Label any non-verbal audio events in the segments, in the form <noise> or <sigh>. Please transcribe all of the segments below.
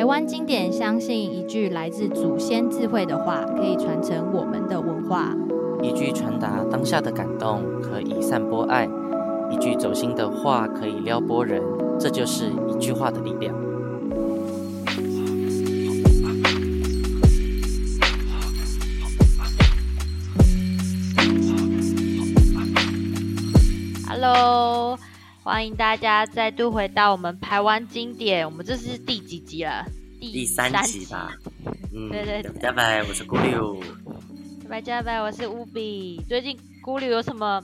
台灣經典，相信一句來自祖先智慧的話，可以傳承我們的文化。一句傳達當下的感動，可以散播愛；一句走心的話，可以撩撥人。這就是一句話的力量。歡迎大家再度回到我們台灣經典，我們這是第幾集了？第三集，第三集吧。 <laughs> 嗯，對對，對。加拜，拜。我是孤六，加拜，加拜，我是烏比。最近孤六有什麼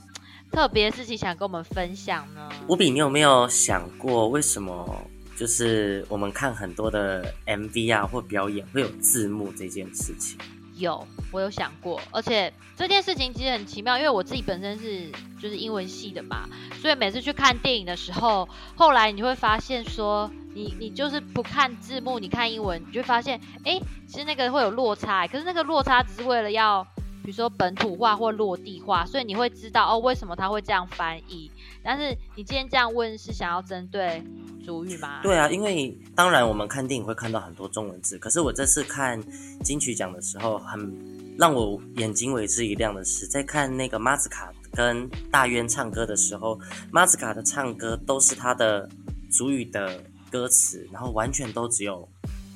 特別的事情想跟我們分享呢？烏比，你有沒有想過為什麼就是我們看很多的 MV 啊，或表演會有字幕這件事情？有，我有想過，而且這件事情其實很奇妙，因為我自己本身是就是英文系的嘛，所以每次去看電影的時候，後來你會發現說，你你就是不看字幕，你看英文，你就會發現，欸，其實那個會有落差欸，可是那個落差只是為了要，比如說本土化或落地化，所以你會知道哦，為什麼他會這樣翻譯。但是你今天這樣問是想要針對？族語吧，對啊，因為當然我們看電影會看到很多中文字，可是我這次看金曲獎的時候，很讓我眼睛為之一亮的是，在看那個 Matzka 跟大淵唱歌的時候，Matzka 的唱歌都是他的族語的歌詞，然後完全都只有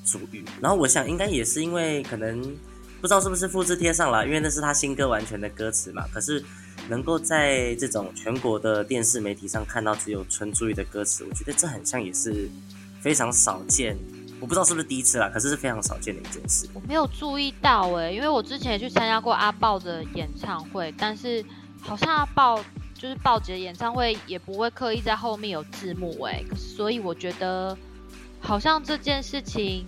族語，然後我想應該也是因為可能。不知道是不是複製貼上了，啊，因為那是他新歌完全的歌詞嘛。可是能夠在這種全國的電視媒體上看到只有純族語的歌詞，我覺得這很像也是非常少見。我不知道是不是第一次啦，啊，可是是非常少見的一件事。我沒有注意到哎，欸，因為我之前也去參加過阿爆的演唱會，但是好像阿爆就是爆姐的演唱會也不會刻意在後面有字幕哎，欸，所以我覺得好像這件事情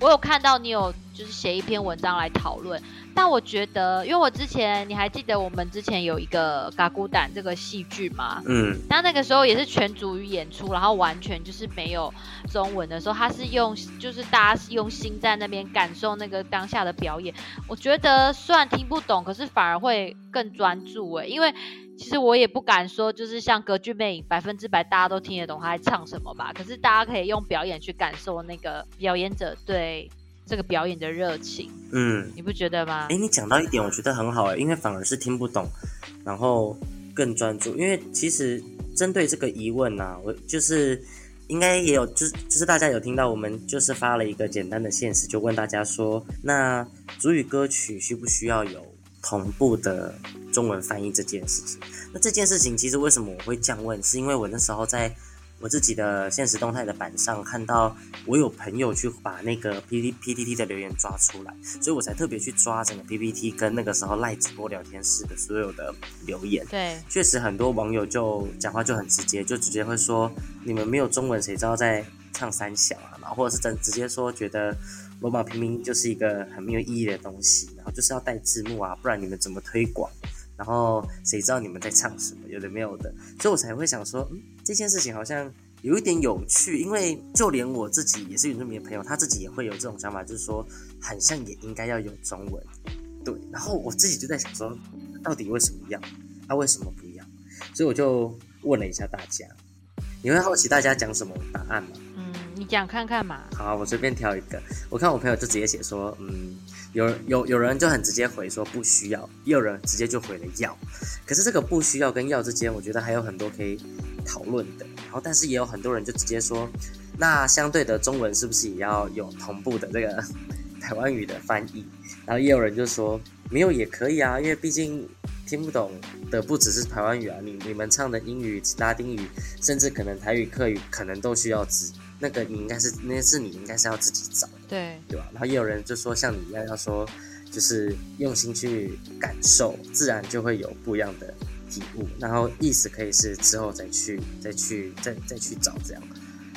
我有看到你有。就是寫一篇文章來討論，但我覺得，因為我之前你還記得我們之前有一個《嘎咕蛋》這個戲劇嘛？嗯，他那,那個時候也是全族語演出，然後完全就是沒有中文的時候，他是用就是大家是用心在那邊感受那個當下的表演。我覺得雖然聽不懂，可是反而會更專注哎，因為其實我也不敢說就是像《歌劇魅影》百分之百大家都聽得懂他在唱什麼吧，可是大家可以用表演去感受那個表演者對。這個表演的熱情，嗯，你不覺得嗎？誒，你講到一點，我覺得很好誒，因為反而是聽不懂，然後更專注。因為其實針對這個疑問呢、啊，我就是應該也有，就是、就是大家有聽到我們就是發了一個簡單的現實，就問大家說，那族語歌曲需不需要有同步的中文翻譯這件事情？那這件事情其實為什麼我會這樣問，是因為我那時候在。我自己的現實動態的板上看到，我有朋友去把那個 P P P T 的留言抓出來，所以我才特別去抓整個 P P T 跟那個時候賴直播聊天室的所有的留言。對，確實很多網友就講話就很直接，就直接會說你們沒有中文誰知道在唱三小啊，然後或者是真直接說覺得羅馬拼民就是一個很沒有意義的東西，然後就是要帶字幕啊，不然你們怎麼推廣？然後誰知道你們在唱什麼，有的沒有的，所以我才會想說，嗯，這件事情好像有一點有趣，因為就連我自己也是原住民的朋友，他自己也會有這種想法，就是說，很像也應該要有中文，對。然後我自己就在想說，到底為什麼要？啊，為什麼不要？所以我就問了一下大家，你會好奇大家講什麼答案嗎？嗯，你講看看嘛。好啊，我隨便挑一個，我看我朋友就直接寫說，嗯。有有有人就很直接回說不需要，也有人直接就回了要。可是這個不需要跟要之間，我覺得還有很多可以討論的。然後，但是也有很多人就直接說，那相對的中文是不是也要有同步的這個排灣語的翻譯？然後也有人就說沒有也可以啊，因為畢竟聽不懂的不只是排灣語啊，你你們唱的英語、拉丁語，甚至可能台語客語，可能都需要指那個，你應該是那個字你應該是要自己找。對，對吧？然後也有人就說，像你一樣，要說就是用心去感受，自然就會有不一樣的體悟。然後意思可以是之後再去、再去、再再去找這樣，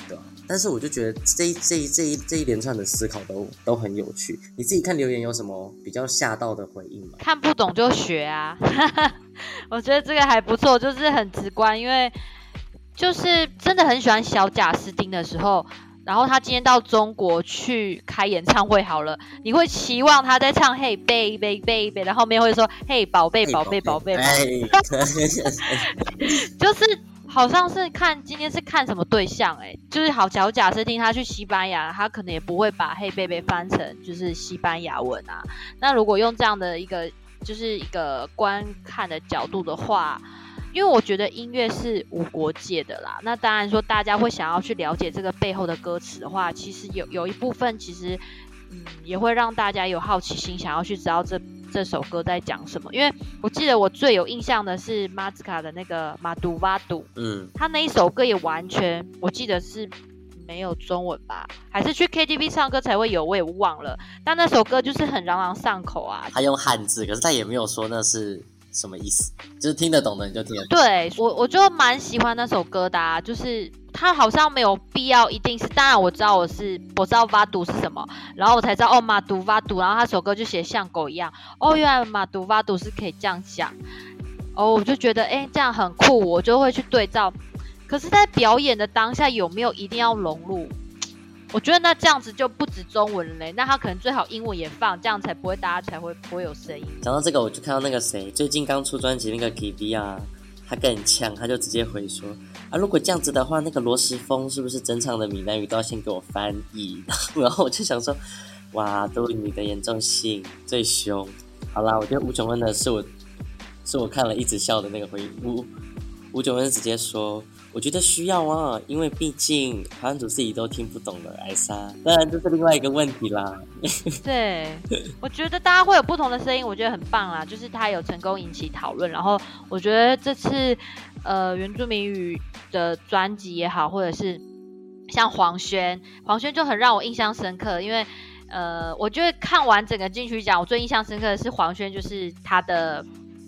對吧？但是我就覺得這一、這一、這一、這一連串的思考都都很有趣。你自己看留言有什麼比較嚇到的回應嗎？看不懂就學啊， <laughs> 我覺得這個還不錯，就是很直觀，因為就是真的很喜歡小賈斯汀的時候。然後他今天到中國去開演唱會好了，你會期望他在唱嘿 baby baby，然後後面會說嘿，寶貝寶貝寶貝。寶貝寶貝 <laughs> <laughs> 就是好像是看今天是看什麼對象哎、欸，就是好巧，小賈斯汀他去西班牙，他可能也不會把嘿 baby 翻成就是西班牙文啊。那如果用這樣的一個就是一個觀看的角度的話。因為我覺得音樂是無國界的啦，那當然說大家會想要去了解這個背後的歌詞的話，其實有有一部分其實，嗯，也會讓大家有好奇心，想要去知道這這首歌在講什麼。因為我記得我最有印象的是 Matzka 的那個馬杜巴杜，嗯，他那一首歌也完全，我記得是沒有中文吧，還是去 KTV 唱歌才會有，我也忘了。但那首歌就是很朗朗上口啊，他用漢字，可是他也沒有說那是。什麼意思？就是聽得懂的你就聽得懂。對我，我就蠻喜歡那首歌的啊，就是他好像沒有必要一定是。當然我知道我是我知道哇讀是什麼，然後我才知道哦，馬讀哇讀。然後他首歌就寫像狗一樣。哦，原來馬讀哇讀是可以這樣講。哦，我就覺得哎、欸，這樣很酷，我就會去對照。可是，在表演的當下，有沒有一定要融入？我覺得那這樣子就不止中文嘞，那他可能最好英文也放，這樣才不會大家才會不會有聲音。講到這個，我就看到那個誰最近剛出專輯那個 k b 啊，他更嗆，他就直接回說啊，如果這樣子的話，那個羅時豐是不是整場的閩南語，都要先給我翻譯？然後我就想說，哇，都你的嚴重性最凶。好啦，我覺得吳瓊恩的是我，是我看了一直笑的那個回覆。哦吳九文直接說：“我覺得需要啊，因為畢竟團主自己都聽不懂了，艾莎，當然這是另外一個問題啦。 <laughs> ”對，我覺得大家會有不同的聲音，我覺得很棒啊。就是他有成功引起討論，然後我覺得這次，呃，原住民語的專輯也好，或者是像黃軒，黃軒就很讓我印象深刻，因為呃，我覺得看完整個金曲獎，我最印象深刻的是黃軒，就是他的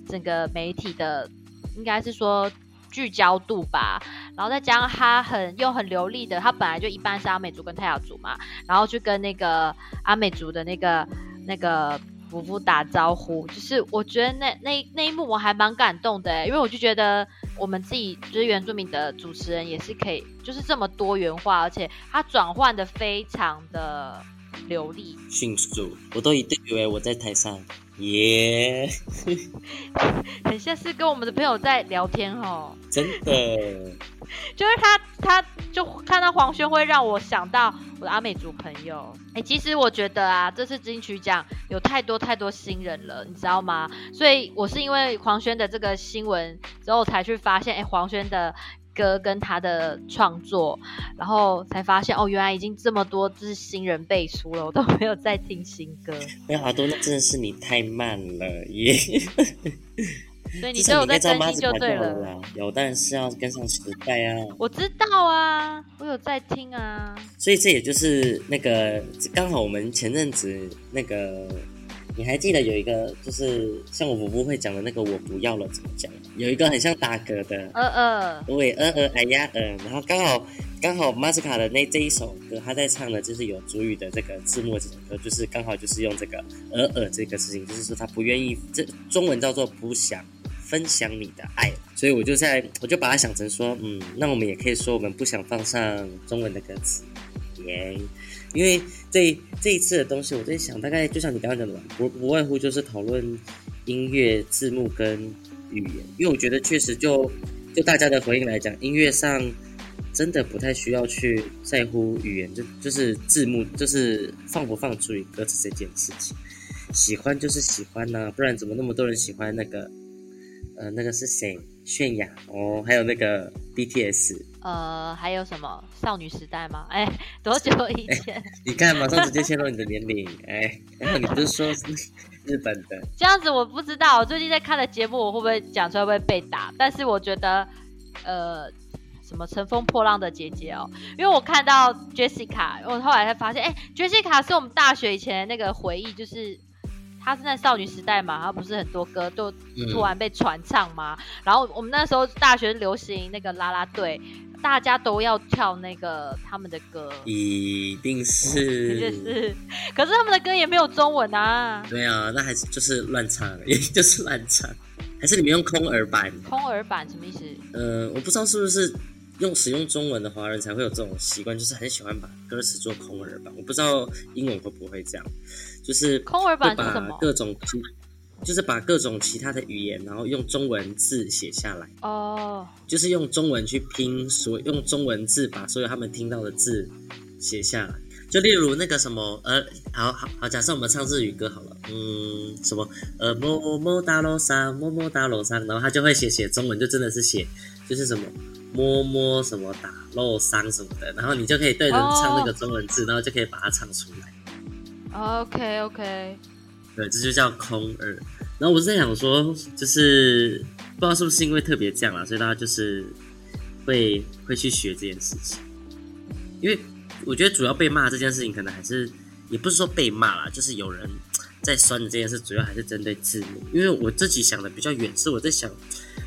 整個媒體的，應該是說。聚焦度吧，然後再加上他很又很流利的，他本來就一半是阿美族跟泰雅族嘛，然後去跟那個阿美族的那個那個伯父打招呼，就是我覺得那那那一幕我還蠻感動的、欸，因為我就覺得我們自己就是原住民的主持人也是可以，就是這麼多元化，而且他轉換的非常的。流利、迅速，我都一定以為我在台上耶。Yeah， <laughs> <laughs> 很像是跟我們的朋友在聊天哦，真的。 <laughs> 就是他，他就看到黃宣，會讓我想到我的阿美族朋友。哎，欸，其實我覺得啊，這次金曲獎有太多太多新人了，你知道嗎？所以我是因為黃宣的這個新聞之後，才去發現哎，欸，黃宣的。歌跟他的創作，然後才發現哦，原來已經這麼多支新人背書了，我都沒有在聽新歌。沒有阿東，那真的是你太慢了耶！所、yeah. 以 <laughs> 你都有在更新就對了， <laughs> 就就對了，就了啦。有，但是要跟上時代啊。 <laughs> 我知道啊，我有在聽啊。所以這也就是那個剛好我們前陣子那個。你還記得有一個，就是像我不會講的那個，我不要了怎麼講？有一個很像打嗝的，呃呃，對，呃呃，哎呀呃，然後剛好剛好 Matzka 的那這一首歌，他在唱的，就是有族語的這個字幕這首歌，就是剛好就是用這個呃呃這個事情，就是說他不願意，這中文叫做不想分享你的愛，所以我就在我就把它想成說，嗯，那我們也可以說我們不想放上中文的歌詞，耶。因為這這一次的東西，我在想，大概就像你剛剛講的吧，不不外乎就是討論音樂、字幕跟語言。因為我覺得確實就就大家的回應來講，音樂上真的不太需要去在乎語言，就就是字幕，就是放不放族語歌詞這件事情。喜歡就是喜歡吶，啊，不然怎麼那麼多人喜歡那個呃那個是誰？泫雅哦，還有那個 BTS。呃，還有什麼少女時代嗎？哎、欸，多久以前、欸？你看，馬上直接揭露你的年齡。哎、 <laughs> 欸，你不是說日本的？這樣子我不知道。我最近在看的節目，我會不會講出來會，會被打？但是我覺得，呃，什麼乘風破浪的姐姐哦，因為我看到 Jessica，我後來才發現，哎、欸、，Jessica 是我們大學以前那個回憶，就是她是在少女時代嘛，然後不是很多歌都突然被傳唱嗎、嗯？然後我們那時候大學流行那個啦啦隊。大家都要跳那個他們的歌，一定是，就、哦、是，可是他們的歌也沒有中文啊。對啊，那還是就是亂唱，也就是亂唱，還是你們用空耳版？空耳版什麼意思？呃，我不知道是不是用使用中文的華人才會有這種習慣，就是很喜歡把歌詞做空耳版。我不知道英文會不會這樣，就是空耳版把各種。就是把各種其他的語言，然後用中文字寫下來。哦、oh.，就是用中文去拼，所用中文字把所有他們聽到的字寫下來。就例如那個什麼，呃，好好好，假設我們唱日語歌好了，嗯，什麼呃麼麼噠羅山，麼麼噠羅山，然後他就會寫寫中文，就真的是寫，就是什麼麼麼什麼噠羅山什麼的，然後你就可以對着唱那個中文字，oh. 然後就可以把它唱出來。OK OK。對，這就叫空耳。然後我在想說，就是不知道是不是因為特別這樣啊，所以大家就是會會去學這件事情。因為我覺得主要被罵這件事情，可能還是也不是說被罵啦，就是有人在酸的這件事，主要還是針對字幕。因為我自己想的比較遠，是我在想，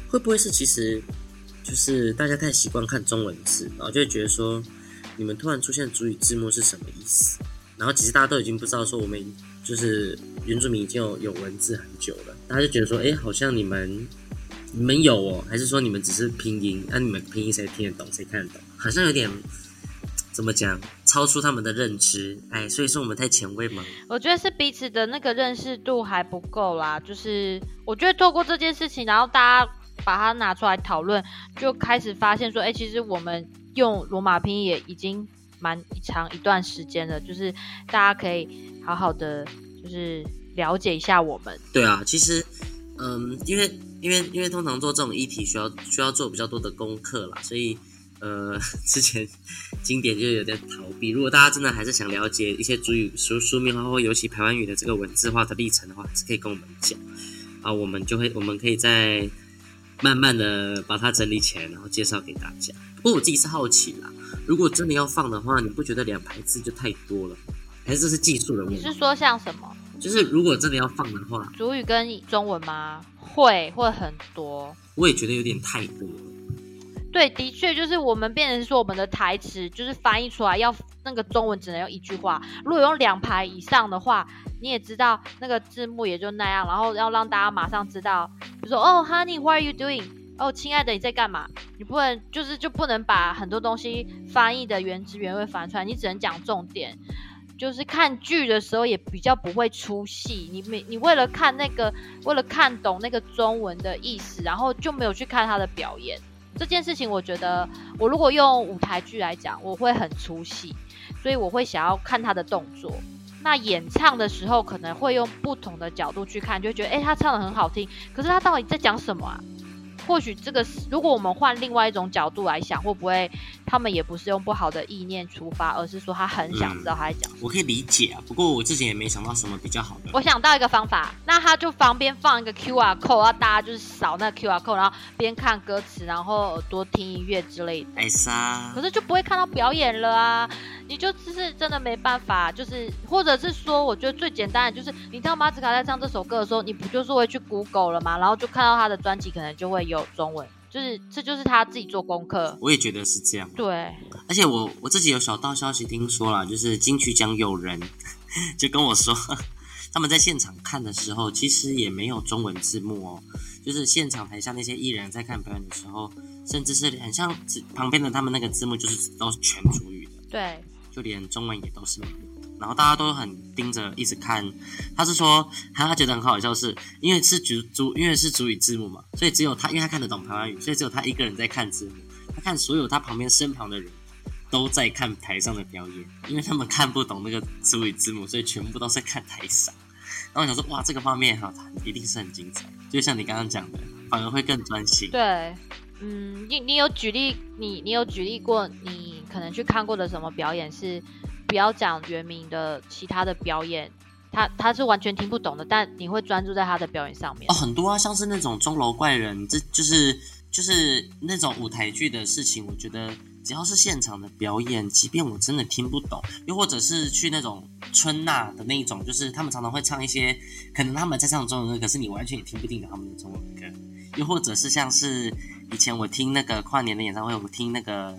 會不會是其實就是大家太習慣看中文字，然後就會覺得說，你們突然出現族語字幕是什麼意思？然後其實大家都已經不知道說，我們就是原住民已經有有文字很久了，大家就覺得說，哎，好像你們你們有哦，還是說你們只是拼音？那、啊、你們拼音誰聽得懂，誰看得懂？好像有點怎麼講，超出他們的認知，哎，所以說我們太前衛嗎？我覺得是彼此的那個認識度還不夠啦。就是我覺得透過這件事情，然後大家把它拿出來討論，就開始發現說，哎，其實我們用羅馬拼音也已經。蠻長一段時間的，就是大家可以好好的就是了解一下我們。對啊，其實，嗯，因為因為因為通常做這種議題需要需要做比較多的功課啦，所以呃，之前經典就有點逃避。如果大家真的還是想了解一些族語書書面化或尤其排灣語的這個文字化的歷程的話，還是可以跟我們講啊，我們就會我們可以再慢慢的把它整理起來，然後介紹給大家。不過我自己是好奇啦。如果真的要放的話，你不覺得兩排字就太多了？還是這是技術的問題？你是說像什麼？就是如果真的要放的話，主語跟中文嗎？會會很多。我也覺得有點太多了。對，的確就是我們變成說，我們的台詞就是翻譯出來要那個中文只能用一句話。如果用兩排以上的話，你也知道那個字幕也就那樣，然後要讓大家馬上知道，比如說 Oh, honey, what are you doing? 哦，親愛的，你在幹嘛？你不能，就是就不能把很多東西翻譯的原汁原味翻出來，你只能講重點。就是看劇的時候也比較不會出戲，你沒你為了看那個，為了看懂那個中文的意思，然後就沒有去看他的表演。這件事情，我覺得我如果用舞台劇來講，我會很出戲，所以我會想要看他的動作。那演唱的時候可能會用不同的角度去看，就會覺得誒，他唱得很好聽，可是他到底在講什麼啊？或許這個，如果我們換另外一種角度來想，會不會他們也不是用不好的意念出發，而是說他很想知道他在講什麼？嗯。我可以理解啊，不過我之前也沒想到什麼比較好的。我想到一個方法，那他就旁邊放一個 QR code，然後大家就是掃那個 QR code，然後邊看歌詞，然後耳朵聽音樂之類的。哎，是啊。可是就不會看到表演了啊。嗯你就只是真的沒辦法，就是或者是說，我覺得最簡單的就是，你知道 Matzka 在唱這首歌的時候，你不就是會去 Google 了嗎？然後就看到他的專輯，可能就會有中文，就是這就是他自己做功課。我也覺得是這樣啊。對，而且我我自己有小道消息聽說了，就是金曲獎有人 <laughs> 就跟我說，他們在現場看的時候，其實也沒有中文字幕喔，就是現場台下那些藝人在看表演的時候，甚至是很像旁邊的他們那個字幕，就是都是全族語的。對。就連中文也都是沒有的，然後大家都很盯着一直看。他是說，他覺得很好笑的是，是因為是族族，因為是族語字幕嘛，所以只有他，因為他看得懂排灣語，所以只有他一個人在看字幕。他看所有他旁邊身旁的人都在看台上的表演，因為他們看不懂那個族語字幕，所以全部都在看台上。然後我想說，哇，這個畫面哈、啊，一定是很精彩。就像你剛剛講的，反而會更專心。對。嗯，你你有舉例，你你有舉例過，你可能去看過的什麼表演是不要講原名的其他的表演，他他是完全聽不懂的，但你會專注在他的表演上面。哦，很多啊，像是那種鐘樓怪人，這就是就是那種舞台劇的事情。我覺得只要是現場的表演，即便我真的聽不懂，又或者是去那種春吶的那一種，就是他們常常會唱一些可能他們在唱中文歌，可是你完全也聽不懂他們的中文歌，又或者是像是。以前我聽那個跨年的演唱會，我聽那個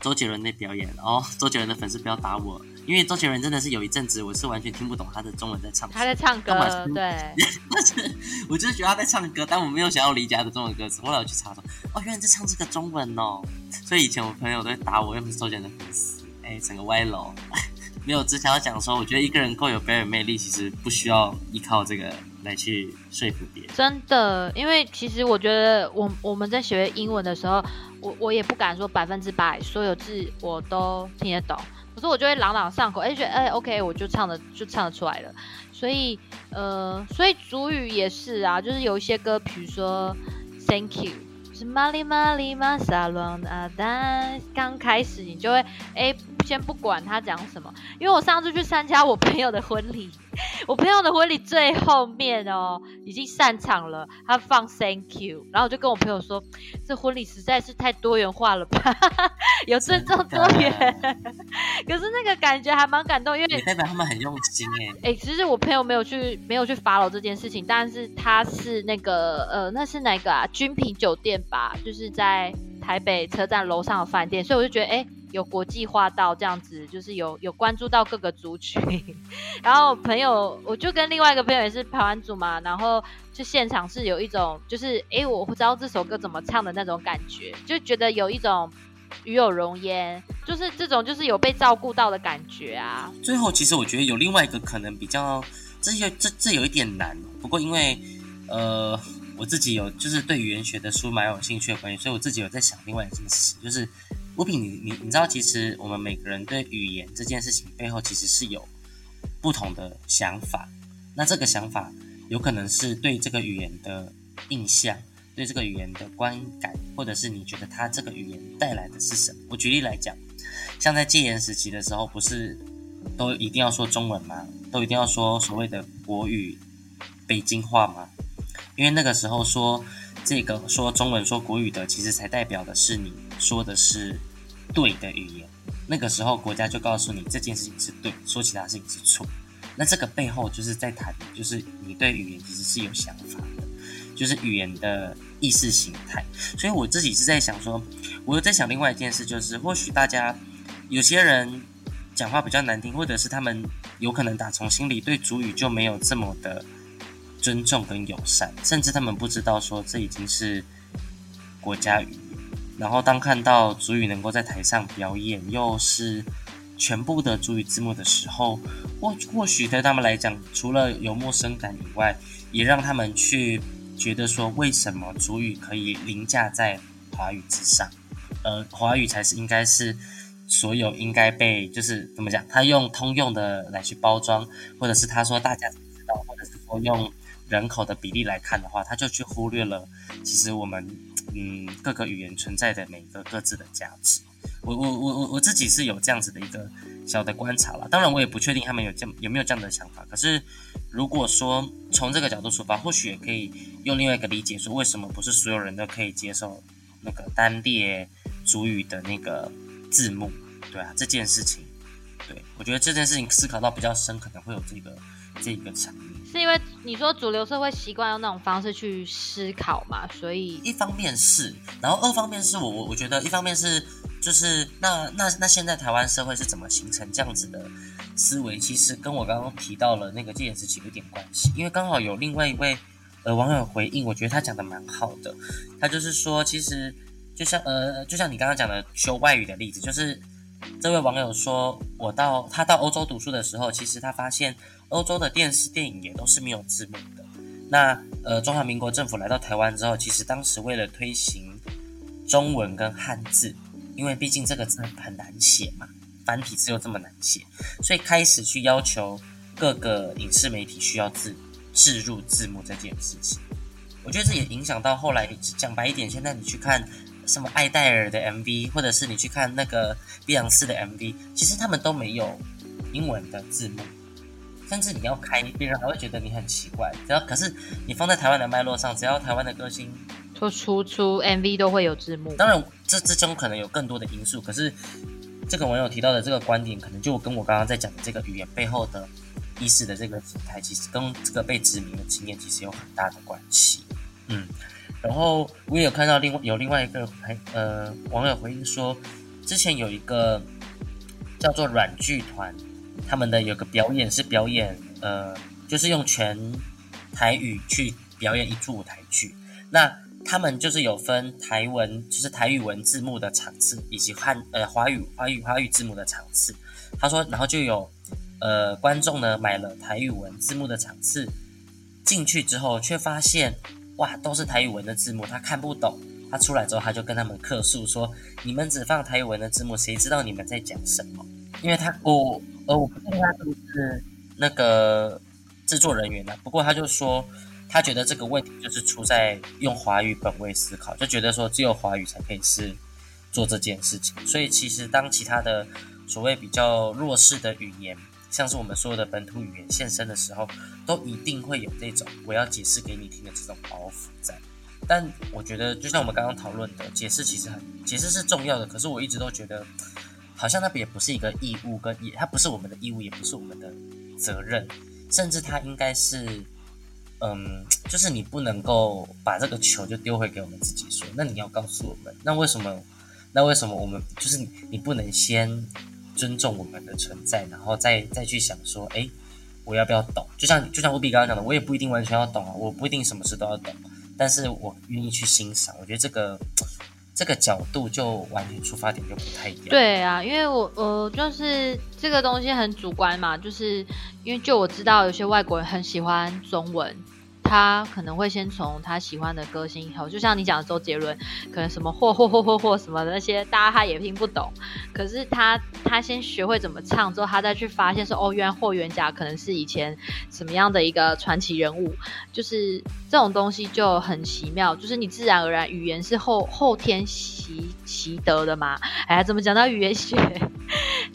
周杰倫的表演哦。周杰倫的粉絲不要打我，因為周杰倫真的是有一陣子我是完全聽不懂他的中文在唱，他在唱歌嗎？對。是， <laughs> 我就是覺得他在唱歌，但我沒有想要離家的中文歌詞。後來我去查說，哦，原來在唱這個中文哦。所以以前我朋友都會打我，又不是周杰倫的粉絲。哎、欸，整個歪樓。 <laughs> 沒有，之前要講說，我覺得一個人夠有表演魅力，其實不需要依靠這個。來去說服別人，真的，因為其實我覺得我我們在學英文的時候，我我也不敢說百分之百所有字我都聽得懂，可是我就會朗朗上口，哎覺得哎 OK 我就唱的就唱得出來了，所以呃所以族語也是啊，就是有一些歌，比如說 Thank You，是瑪麗瑪麗瑪莎倫啊。但剛開始你就會哎先不管他講什麼，因為我上次去參加我朋友的婚禮。我朋友的婚禮最後面哦，已經散場了，他放 Thank you，然後我就跟我朋友說，這婚禮實在是太多元化了吧， <laughs> 有尊重多元，可是那個感覺還蠻感動，因為也代表他們很用心哎。哎、欸，其實我朋友沒有去沒有去 follow 這件事情，但是他是那個呃，那是哪個啊？君品酒店吧，就是在台北車站樓上的飯店，所以我就覺得哎。欸有國際化到這樣子，就是有有關注到各個族群， <laughs> 然後朋友我就跟另外一個朋友也是排灣族嘛，然後就現場是有一種就是哎、欸、我不知道這首歌怎麼唱的那種感覺，就覺得有一種與有榮焉，就是這種就是有被照顧到的感覺啊。最後其實我覺得有另外一個可能比較這有這這有一點難，不過因為呃我自己有就是對語言學的書蠻有興趣的關係，所以我自己有在想另外一件事情就是。吳品，你你你知道，其實我們每個人對語言這件事情背後其實是有不同的想法。那這個想法有可能是對這個語言的印象，對這個語言的觀感，或者是你覺得它這個語言帶來的是什麼？我舉例來講，像在戒嚴時期的時候，不是都一定要說中文嗎？都一定要說所謂的國語、北京話嗎？因為那個時候說這個說中文、說國語的，其實才代表的是你說的是。對的語言，那個時候國家就告訴你這件事情是對，說其他事情是錯。那這個背後就是在談，就是你對語言其實是有想法的，就是語言的意識形態。所以我自己是在想說，我有在想另外一件事，就是或許大家有些人講話比較難聽，或者是他們有可能打從心裡對族語就沒有這麼的尊重跟友善，甚至他們不知道說這已經是國家語言。然後，當看到族語能夠在台上表演，又是全部的族語字幕的時候，或或許對他們來講，除了有陌生感以外，也讓他們去覺得說，為什麼族語可以凌駕在華語之上，而、呃、華語才是應該是所有應該被就是怎麼講？他用通用的來去包裝，或者是他說大家都知道，或者是說用人口的比例來看的話，他就去忽略了其實我們。嗯，各個語言存在的每一個各自的價值，我我我我我自己是有這樣子的一個小的觀察啦，當然，我也不確定他們有這樣，有沒有這樣的想法。可是，如果說從這個角度出發，或許也可以用另外一個理解說，為什麼不是所有人都可以接受那個單列族語的那個字幕？對啊，這件事情，對，我覺得這件事情思考到比較深，可能會有這個這一個想。是因為你說主流社會習慣用那種方式去思考嘛，所以一方面是，然後二方面是我我我覺得一方面是就是那那那現在台灣社會是怎麼形成這樣子的思維，其實跟我剛剛提到了那個這件事情有點關係，因為剛好有另外一位呃網友回應，我覺得他講的蠻好的，他就是說其實就像呃就像你剛剛講的修外語的例子，就是。這位網友說：“我到他到歐洲讀書的時候，其實他發現歐洲的電視電影也都是沒有字幕的。那呃，中華民國政府來到台灣之後，其實當時為了推行中文跟漢字，因為畢竟這個字很難寫嘛，繁體字又這麼難寫，所以開始去要求各個影視媒體需要字置入字幕這件事情。我覺得這也影響到後來，講白一點，現在你去看。”什麼艾戴爾的 MV，或者是你去看那個碧昂斯的 MV，其實他們都沒有英文的字幕，甚至你要開，別人還會覺得你很奇怪。只要可是你放在台灣的脈絡上，只要台灣的歌星出出出 MV 都會有字幕。當然，這之中可能有更多的因素，可是這個網友提到的這個觀點，可能就跟我剛剛在講的這個語言背後的意識的這個形態，其實跟這個被殖民的經驗其實有很大的關係。嗯。然後我也有看到另外，有另外一個回呃網友回應說，之前有一個叫做軟劇團，他們的有個表演是表演呃就是用全台語去表演一出舞台劇，那他們就是有分台文就是台語文字幕的場次以及漢呃華語華語華語字幕的場次。他說然後就有呃觀眾呢買了台語文字幕的場次進去之後卻發現。哇，都是台語文的字幕，他看不懂。他出來之後，他就跟他們客訴說：“你們只放台語文的字幕，誰知道你們在講什麼？”因為他、哦、我呃，我不知道他是不是那個制作人員呢、啊。不過他就說，他覺得這個問題就是出在用華語本位思考，就覺得說只有華語才可以是做這件事情。所以其實當其他的所謂比較弱勢的語言，像是我們所有的本土語言現身的時候，都一定會有這種我要解釋給你聽的這種包袱在。但我覺得，就像我們剛剛討論的，解釋其實很，解釋是重要的。可是我一直都覺得，好像那個也不是一個義務，跟也，它不是我們的義務，也不是我們的責任，甚至它應該是，嗯，就是你不能夠把這個球就丟回給我們自己說，那你要告訴我們，那為什麼？那為什麼我們就是你，你不能先？尊重我們的存在，然後再再去想說，哎、欸，我要不要懂？就像就像吳比剛剛講的，我也不一定完全要懂啊，我不一定什麼事都要懂，但是我願意去欣賞。我覺得這個這個角度就完全出發點就不太一樣。對啊，因為我我就是這個東西很主觀嘛，就是因為就我知道有些外國人很喜歡中文。他可能會先從他喜歡的歌星，以後就像你講的周杰倫，可能什麼霍霍霍霍霍、什麼的那些，大家他也聽不懂。可是他他先學會怎麼唱之後，他再去發現說哦，原來霍元甲可能是以前什麼樣的一個傳奇人物，就是這種東西就很奇妙。就是你自然而然語言是後後天習習得的嘛。哎呀，怎麼講到語言學，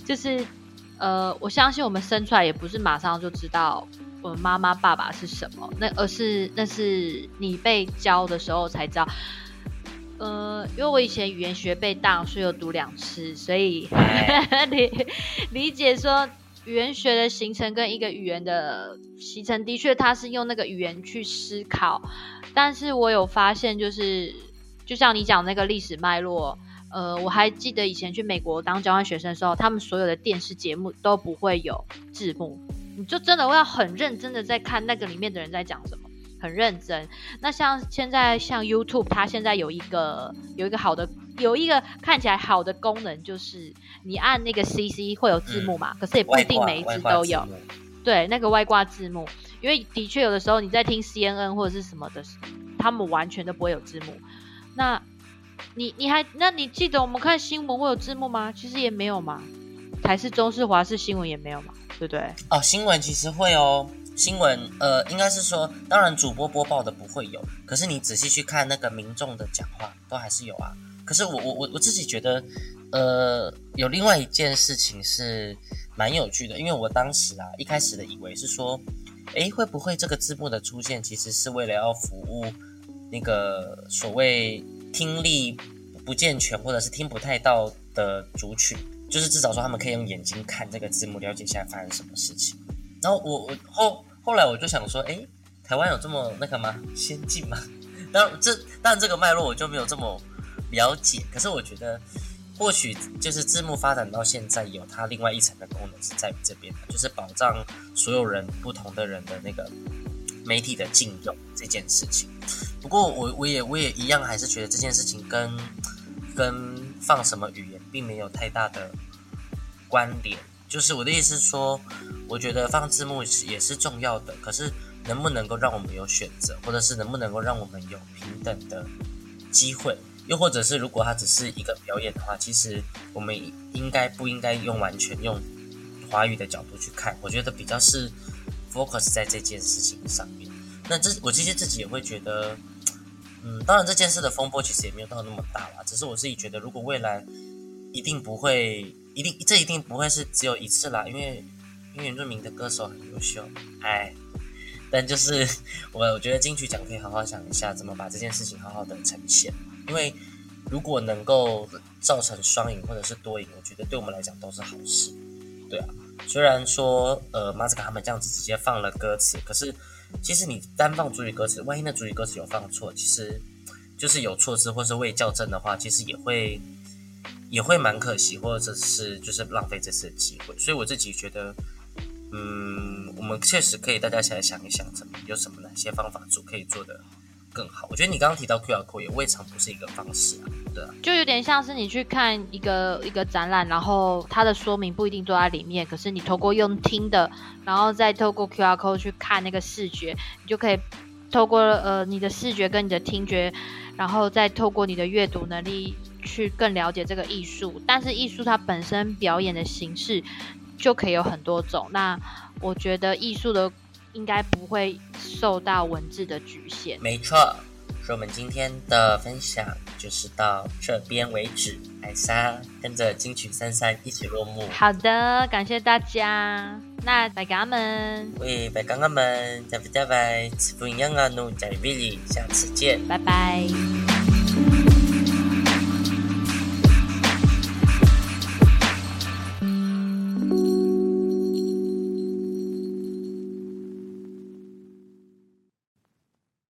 就是呃，我相信我們生出來也不是馬上就知道。我媽媽、爸爸是什麼？那而是那是你被教的時候才知道。呃，因為我以前語言學被當，所以有讀兩次，所以 <laughs> 理理解說語言學的形成跟一個語言的形成，的確它是用那個語言去思考。但是我有發現，就是就像你講那個歷史脈絡，呃，我還記得以前去美國當交換學生的時候，他們所有的電視節目都不會有字幕。你就真的會要很認真的在看那個裡面的人在講什麼，很認真。那像現在像 YouTube，它現在有一個有一個好的有一個看起來好的功能，就是你按那個 CC 會有字幕嘛，嗯、可是也不一定每一次都有。對，那個外掛字幕，因為的確有的時候你在聽 CNN 或者是什麼的時候，他們完全都不會有字幕。那，你你還那你記得我們看新聞會有字幕嗎？其實也沒有嘛，台視、中視、華視新聞也沒有嘛。對對。哦，新聞其實會哦，新聞呃，應該是說，當然主播播報的不會有，可是你仔細去看那個民眾的講話，都還是有啊。可是我我我我自己覺得，呃，有另外一件事情是蠻有趣的，因為我當時啊一開始的以為是說，欸，會不會這個字幕的出現其實是為了要服務那個所謂聽力不健全或者是聽不太到的族群？就是至少說，他們可以用眼睛看這個字幕，了解一下發生什麼事情。然後我我後後來我就想說，誒，台灣有這麼那個嗎？先進嗎？但這但這個脈絡我就沒有這麼了解。可是我覺得，或許就是字幕發展到現在，有它另外一層的功能是在於這邊的，就是保障所有人不同的人的那個媒體的近用這件事情。不過我我也我也一樣，還是覺得這件事情跟。跟放什麼語言並沒有太大的關聯，就是我的意思是說，我覺得放字幕也是重要的，可是能不能夠讓我們有選擇，或者是能不能夠讓我們有平等的機會，又或者是如果它只是一個表演的話，其實我們應該不應該用完全用華語的角度去看？我覺得比較是 focus 在這件事情上面。那這我其實自己也會覺得。嗯，當然這件事的風波其實也沒有到那麼大啦，只是我自己覺得，如果未來一定不會，一定這一定不會是只有一次啦，因為因為原民的歌手很優秀，哎，但就是我我覺得金曲獎可以好好想一下，怎麼把這件事情好好的呈現，因為如果能夠造成雙贏或者是多贏，我覺得對我們來講都是好事，對啊，雖然說呃 Matzka 他們這樣子直接放了歌詞，可是。其實你單放族語歌詞，萬一那族語歌詞有放錯，其實就是有錯字或是未校正的話，其實也會也會蠻可惜，或者是就是浪費這次機會。所以我自己覺得，嗯，我們確實可以大家一起來想一想什麼，怎麼有什麼哪些方法做可以做的。更好，我覺得你剛剛提到 QR code 也未嘗不是一個方式啊。對啊，就有點像是你去看一個一個展覽，然後它的說明不一定都在裡面，可是你透過用聽的，然後再透過 QR code 去看那個視覺，你就可以透過呃你的視覺跟你的聽覺，然後再透過你的閱讀能力去更了解這個藝術。但是藝術它本身表演的形式就可以有很多種。那我覺得藝術的。應該不會受到文字的局限。沒錯，所以我們今天的分享就是到這邊為止，艾莎跟着金曲三三一起落幕。好的，感謝大家，那拜家們，喂，拜剛剛們，拜拜？不啊，在下次見，拜拜。